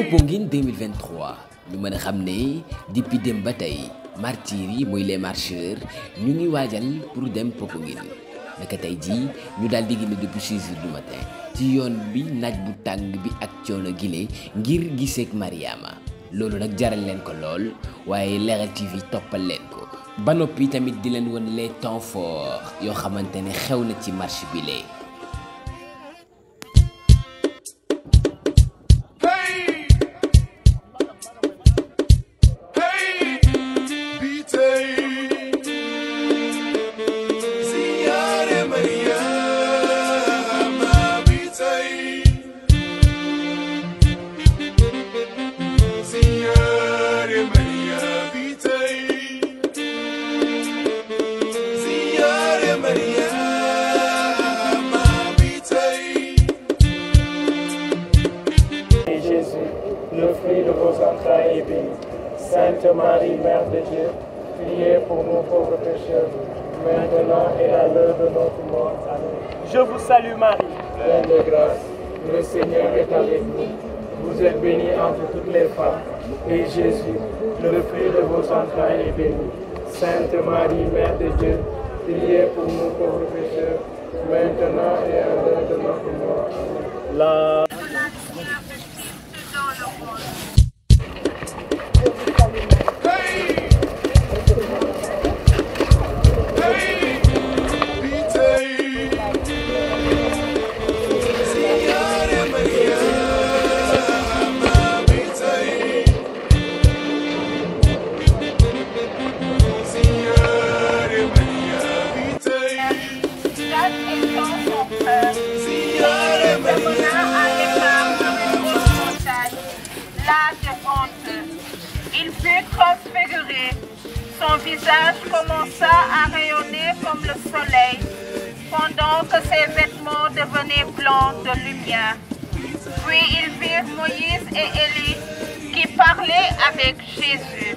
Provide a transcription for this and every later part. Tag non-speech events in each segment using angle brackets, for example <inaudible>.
Popenguine 2023 ñu mën a xam ne depuis dem ba tey martyrs yi mooy les marcheurs ñu ngi waajal pour dem Popenguine naka tey jii ñu daal di génn depuis 6 heures du matin ci yoon bi naaj bu tàng bi ak coono gile ngir giseek Mariama loolu nag jaral leen ko lool waaye Leral TV toppal leen ko ba noppi tamit di leen won les temps forts yoo xamante ne xew na ci marché bi lee ultra aidés. Sainte Marie, Mère de Dieu, Amen. Je vous salue Marie. Pleine grâce, le Seigneur vous. êtes bénie entre toutes les femmes, et Jésus, le fruit de vos entrailles, est béni. Sainte Marie, Mère de Dieu, priez pour nous pauvres pécheurs, maintenant et à l'heure de notre mort. Amen. La... que ses vêtements devenaient blancs de lumière. Puis ils virent Moïse et Élie qui parlaient avec Jésus.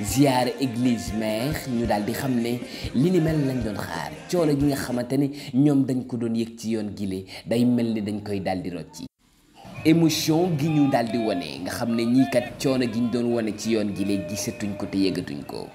ziyaare eglise mère ñu daal di xam ne li ni mel lañ doon xaar coono gi nga xamante ne ñoom dañ ko doon yëg ci yoon gile day mel ni dañ koy daal di rocci émotion gi ñu daal di wone nga xam ne ñii kat coono gi ñu doon wone ci yoon gile giseetuñ ko te yëgatuñ ko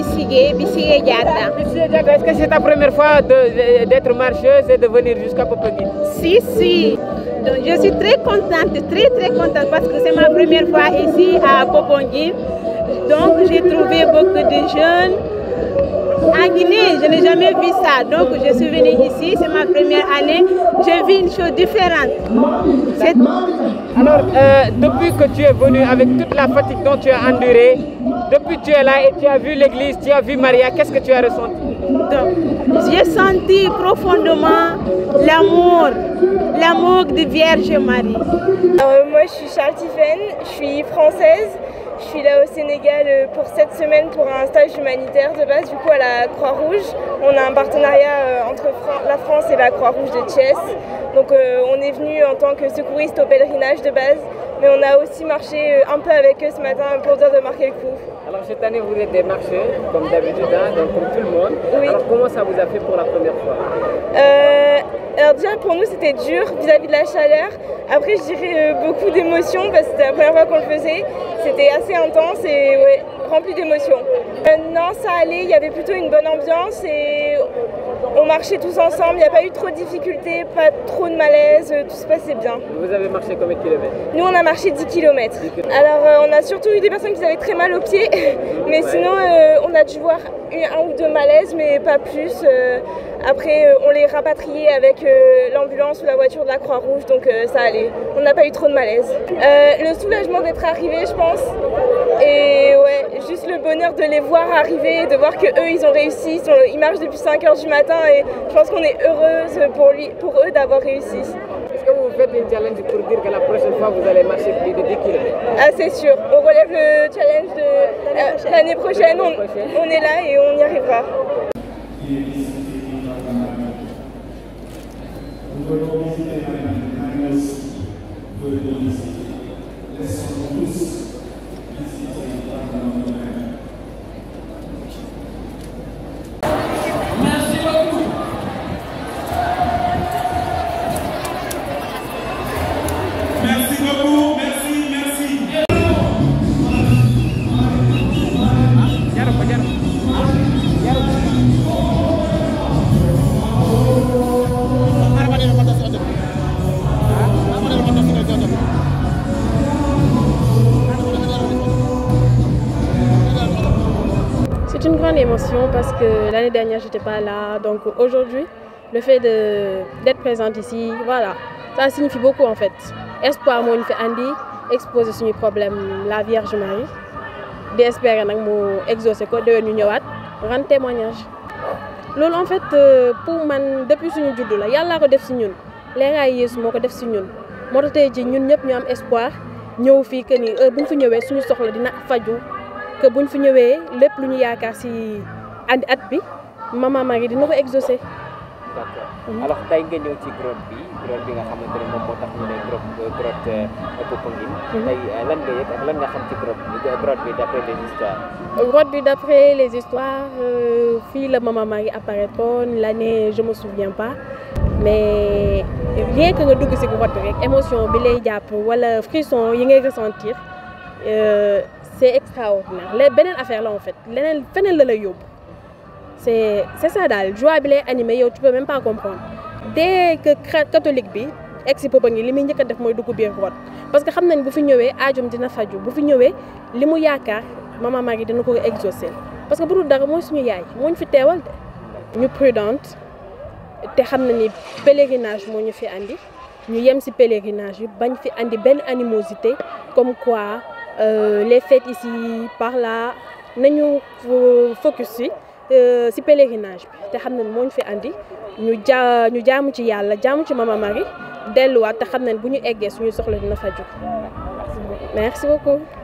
Bissigé, Bissigé Diata. première fois d'être marcheuse et de venir jusqu'à Popenguine Si, si. Donc, je suis très contente, parce que c'est ma première fois ici à Popenguine. Donc j'ai trouvé beaucoup de jeunes. En je n'ai jamais vu ça. Donc je suis venue ici, c'est ma première année. Je vis une chose différente. Euh, depuis que tu es venue avec tu as enduré, Depuis que tu es là et tu as vu l'église, tu as vu Maria, qu'est-ce que tu as ressenti J'ai senti profondément l'amour, l'amour de Vierge Marie. Alors, euh, moi, je suis Charles Tiffen, je suis française. Je suis là au Sénégal euh, pour cette semaine pour un stage humanitaire de base, du coup à la Croix-Rouge. On a un partenariat euh, entre la France et la Croix-Rouge de Thiès. Donc on est venu en tant que secouriste au pèlerinage de base mais on a aussi marché euh, un peu avec eux ce matin pour dire de marquer le coup. Alors cette année, vous êtes des marchés, comme d'habitude, hein, donc comme tout le monde. Oui. Alors comment ça vous a fait pour la première fois euh, Alors déjà, pour nous, c'était dur vis-à-vis -vis de la chaleur. Après, je dirais euh, beaucoup d'émotions parce que c'était la première fois qu'on le faisait. C'était assez intense et ouais, rempli d'émotions. Euh, non, ça allait, il y avait plutôt une bonne ambiance et on marchait tous ensemble, il n'y a pas eu trop de difficultés, pas trop de malaise, tout se passait bien. Vous avez marché combien kilomètres Alors, euh, on a surtout eu des personnes qui avaient très mal aux pieds, <laughs> mais sinon, euh, on a dû voir un ou deux malaises, mais pas plus. Euh, après, on les rapatriait avec l'ambulance ou la voiture de la Croix-Rouge, donc ça allait. On n'a pas Et ouais, juste le bonheur de les voir arriver, de voir que ont réussi, ils, sont, depuis 5h du matin et je pense qu'on est heureuse pour, lui, d'avoir réussi. est vous allez marcher plus de 10 Ah c'est sûr, on relève le challenge de euh, l'année prochaine, On, est là et on y arrivera. une grande émotion parce que l'année dernière, je n'étais pas là. Donc aujourd'hui, le fait d'être présente ici, voilà, ça signifie beaucoup en fait. Espoir, moi, fait Andy, exposer suñu problème, la Vierge Marie. D'espérer nag nous exaucer ko de nous rendre témoignage. loolu en fait euh, pour man depuis suñu juddu la yàllaa ko def si ñun leeraay Yeesu moo ko def si ñun moo te tey ji ñun ñëpp ñu am espoir ñëw fii que ni heure bu ñu ñëwee suñu soxla dina faju que buñ fi ñëwee lépp lu ñu yaakaar si at at bi maman Marie dina ko exaucer. d'accord alors tey nga ñëw ci grotte bi grotte bi nga xamante ne moom moo tax ñu ne grotte grotte euh, Popenguine. Mhm. Euh, nga yëg ak lan bi euh, grotte d'après les histoires. grotte bi d'après les histoires fii la maman Marie apparaîtron l'année je me souviens pas mais rien que nga dugg si grotte rek émotion bi lay jàpp wala frisson yi ngay ressentir. c'est extraordinaire léegi beneen affaire la en fait leneen feneen la lay yóbbu c'est c'est ça daal joie bi lay animé yow tu peux même pas comprendre dès catholique bi ex-pope ngi li mu njëkk def mooy dugg biir grotte parce que xam nañ bu fi ñëwee aajum dina faju bu fi ñëwee li mu yaakaar ma maman Marie dina ko exaucer parce que bu dul dara mooy suñu yaay moo ñu fi teewal de ñu prudente te xam na ni pèlerinage moo ñu fi andi ñu yem ci pèlerinage yi bañ fi andi benn animosité comme quoi Euh, les fêtes ici par là nañu focus si si euh, pèlerinage bi te xam ne moo ñu fi indi ñu ja ñu jaamu ci yàlla jaamu ci Mama Marie delluwaat te xam ne bu ñu eggee suñu soxla dina faju merci beaucoup